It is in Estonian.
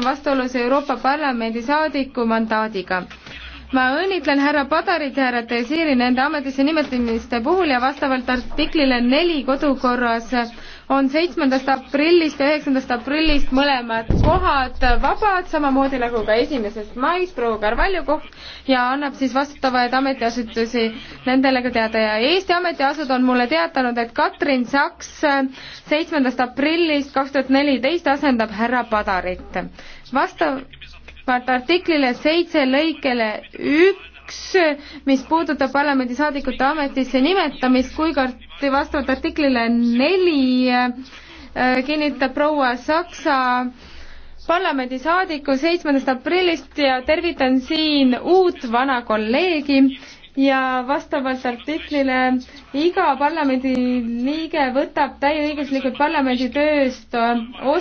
on vastuolus Euroopa Parlamendi saadiku mandaadiga. ma õnnitlen härra Padarit ja härra Desiri nende ametisse nimetamiste puhul ja vastavalt artiklile neli kodukorras on seitsmendast aprillist ja üheksandast aprillist mõlemad kohad vabad, samamoodi nagu ka esimesest maist proua Carvalho koht ja annab siis vastutavaid ametiasutusi nendele ka teada ja Eesti ametiasud on mulle teatanud, et Katrin Saks seitsmendast aprillist kaks tuhat neliteist asendab härra Padarit. vastavalt artiklile seitse lõikele üks, mis puudutab parlamendisaadikute ametisse nimetamist, kui kart-, raporti vastavalt artiklile neli äh, kinnitab proua Saksa parlamendisaadiku seitsmendast aprillist ja tervitan siin uut vana kolleegi ja vastavalt artiklile iga parlamendiliige võtab täieõiguslikult parlamendi tööst osa